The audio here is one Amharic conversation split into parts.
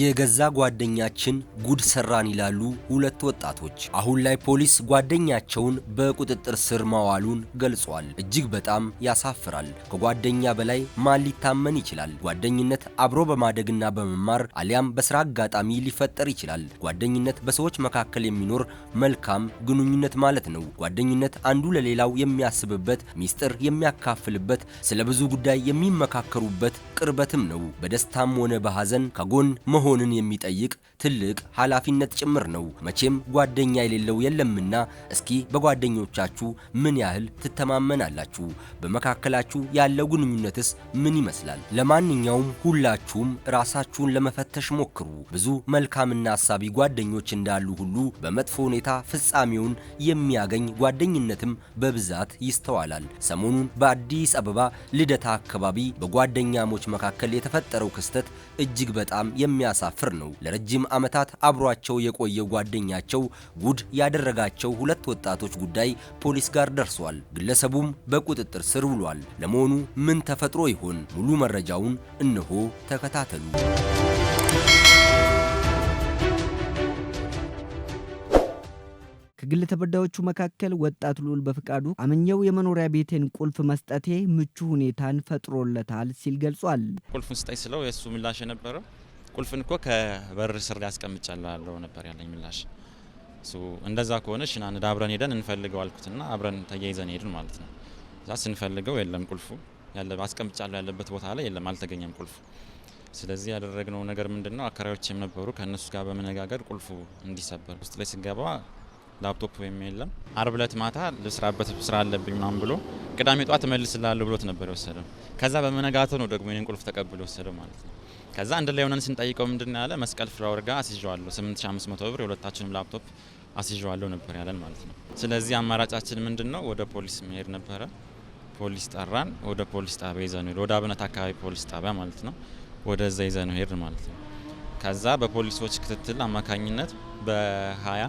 የገዛ ጓደኛችን ጉድ ሰራን ይላሉ ሁለት ወጣቶች። አሁን ላይ ፖሊስ ጓደኛቸውን በቁጥጥር ስር ማዋሉን ገልጿል። እጅግ በጣም ያሳፍራል። ከጓደኛ በላይ ማን ሊታመን ይችላል? ጓደኝነት አብሮ በማደግና በመማር አሊያም በስራ አጋጣሚ ሊፈጠር ይችላል። ጓደኝነት በሰዎች መካከል የሚኖር መልካም ግንኙነት ማለት ነው። ጓደኝነት አንዱ ለሌላው የሚያስብበት፣ ሚስጥር የሚያካፍልበት፣ ስለ ብዙ ጉዳይ የሚመካከሩበት ቅርበትም ነው። በደስታም ሆነ በሐዘን ከጎን መሆን መሆንን የሚጠይቅ ትልቅ ኃላፊነት ጭምር ነው። መቼም ጓደኛ የሌለው የለምና እስኪ በጓደኞቻችሁ ምን ያህል ትተማመናላችሁ? በመካከላችሁ ያለው ግንኙነትስ ምን ይመስላል? ለማንኛውም ሁላችሁም ራሳችሁን ለመፈተሽ ሞክሩ። ብዙ መልካምና አሳቢ ጓደኞች እንዳሉ ሁሉ በመጥፎ ሁኔታ ፍጻሜውን የሚያገኝ ጓደኝነትም በብዛት ይስተዋላል። ሰሞኑን በአዲስ አበባ ልደታ አካባቢ በጓደኛሞች መካከል የተፈጠረው ክስተት እጅግ በጣም የሚያስ የሚያሳፍር ነው። ለረጅም ዓመታት አብሯቸው የቆየው ጓደኛቸው ጉድ ያደረጋቸው ሁለት ወጣቶች ጉዳይ ፖሊስ ጋር ደርሷል። ግለሰቡም በቁጥጥር ስር ውሏል። ለመሆኑ ምን ተፈጥሮ ይሆን? ሙሉ መረጃውን እነሆ ተከታተሉ። ከግል ተበዳዮቹ መካከል ወጣት ልዑል በፍቃዱ አምኘው የመኖሪያ ቤቴን ቁልፍ መስጠቴ ምቹ ሁኔታን ፈጥሮለታል ሲል ገልጿል። ቁልፍ ስጠኝ ስለው የእሱ ምላሽ የነበረው ቁልፍን እኮ ከበር ስር ላይ አስቀምጫለሁ ነበር ያለኝ ምላሽ። እንደዛ ከሆነ ሽናንዳ አብረን ሄደን እንፈልገው አልኩትና አብረን ተያይዘን ሄድን ማለት ነው። እዛ ስንፈልገው የለም ቁልፉ አስቀምጫለሁ ያለበት ቦታ ላይ የለም፣ አልተገኘም ቁልፉ። ስለዚህ ያደረግነው ነገር ምንድን ነው? አከራዮችም ነበሩ። ከእነሱ ጋር በመነጋገር ቁልፉ እንዲሰበር ውስጥ ላይ ስገባ ላፕቶፕ ወይም የለም። አርብ ዕለት ማታ ልስራበት ስራ አለብኝ ምናምን ብሎ ቅዳሜ ጠዋት እመልስላለሁ ብሎት ነበር የወሰደው። ከዛ በመነጋተው ነው ደግሞ ይህን ቁልፍ ተቀብሎ የወሰደው ማለት ነው። ከዛ አንድ ላይ ሆነን ስንጠይቀው ምንድን ያለ መስቀል ፍላወር ጋር አስይዤዋለሁ 8500 ብር የሁለታችንም ላፕቶፕ አስይዋለሁ ነበር ያለን ማለት ነው። ስለዚህ አማራጫችን ምንድን ነው? ወደ ፖሊስ መሄድ ነበረ። ፖሊስ ጠራን። ወደ ፖሊስ ጣቢያ ይዘን ወደ አብነት አካባቢ ፖሊስ ጣቢያ ማለት ነው። ወደዛ ይዘን ሄድ ማለት ነው። ከዛ በፖሊሶች ክትትል አማካኝነት በሀያ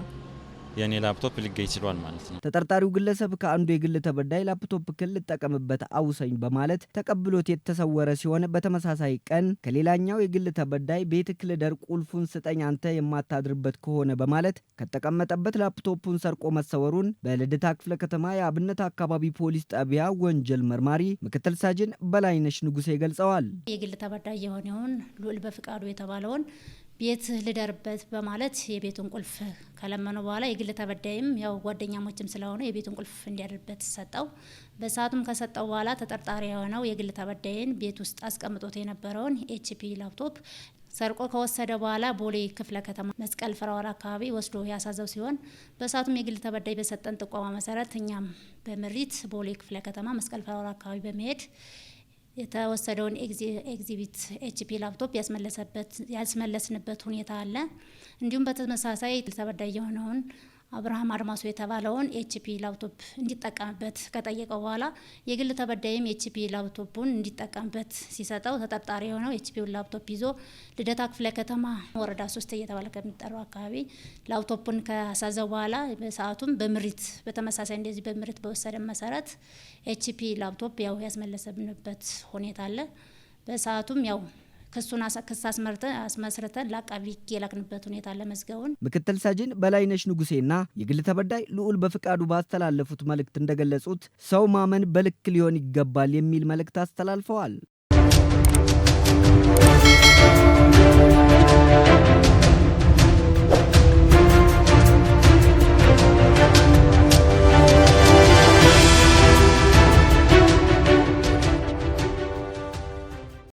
የእኔ ላፕቶፕ ሊገኝ ይችሏል ማለት ነው። ተጠርጣሪው ግለሰብ ከአንዱ የግል ተበዳይ ላፕቶፕ ክል ልጠቀምበት አውሰኝ በማለት ተቀብሎት የተሰወረ ሲሆን በተመሳሳይ ቀን ከሌላኛው የግል ተበዳይ ቤት ክልደር ቁልፉን ስጠኝ አንተ የማታድርበት ከሆነ በማለት ከተቀመጠበት ላፕቶፑን ሰርቆ መሰወሩን በልደታ ክፍለ ከተማ የአብነት አካባቢ ፖሊስ ጣቢያ ወንጀል መርማሪ ምክትል ሳጅን በላይነሽ ንጉሴ ገልጸዋል። የግል ተበዳይ የሆነውን ልዑል በፍቃዱ የተባለውን ቤት ልደርበት በማለት የቤቱን ቁልፍ ከለመኑ በኋላ የግል ተበዳይም ያው ጓደኛሞችም ስለሆነ የቤቱን ቁልፍ እንዲያድርበት ሰጠው። በሰዓቱም ከሰጠው በኋላ ተጠርጣሪ የሆነው የግል ተበዳይን ቤት ውስጥ አስቀምጦት የነበረውን ኤችፒ ላፕቶፕ ሰርቆ ከወሰደ በኋላ ቦሌ ክፍለ ከተማ መስቀል ፍራወራ አካባቢ ወስዶ ያሳዘው ሲሆን በሰዓቱም የግል ተበዳይ በሰጠን ጥቆማ መሰረት እኛም በምሪት ቦሌ ክፍለ ከተማ መስቀል ፍራወራ አካባቢ በመሄድ የተወሰደውን ኤግዚቢት ኤችፒ ላፕቶፕ ያስመለስንበት ሁኔታ አለ። እንዲሁም በተመሳሳይ ተበዳይ የሆነውን አብርሃም አድማሱ የተባለውን ኤችፒ ላፕቶፕ እንዲጠቀምበት ከጠየቀው በኋላ የግል ተበዳይም ኤችፒ ላፕቶፑን እንዲጠቀምበት ሲሰጠው ተጠርጣሪ የሆነው ኤችፒውን ላፕቶፕ ይዞ ልደታ ክፍለ ከተማ ወረዳ ሶስት እየተባለ ከሚጠራው አካባቢ ላፕቶፑን ካሳዘው በኋላ በሰዓቱም በምሪት በተመሳሳይ እንደዚህ በምሪት በወሰደ መሰረት ኤችፒ ላፕቶፕ ያው ያስመለሰብንበት ሁኔታ አለ። በሰዓቱም ያው ክሱን ክስ አስመስርተን ለአቃቢ ሕግ የላክንበት ሁኔታ ለመዝገቡን ምክትል ሰጅን በላይነሽ ንጉሴና የግል ተበዳይ ልዑል በፍቃዱ ባስተላለፉት መልእክት እንደገለጹት ሰው ማመን በልክ ሊሆን ይገባል የሚል መልእክት አስተላልፈዋል።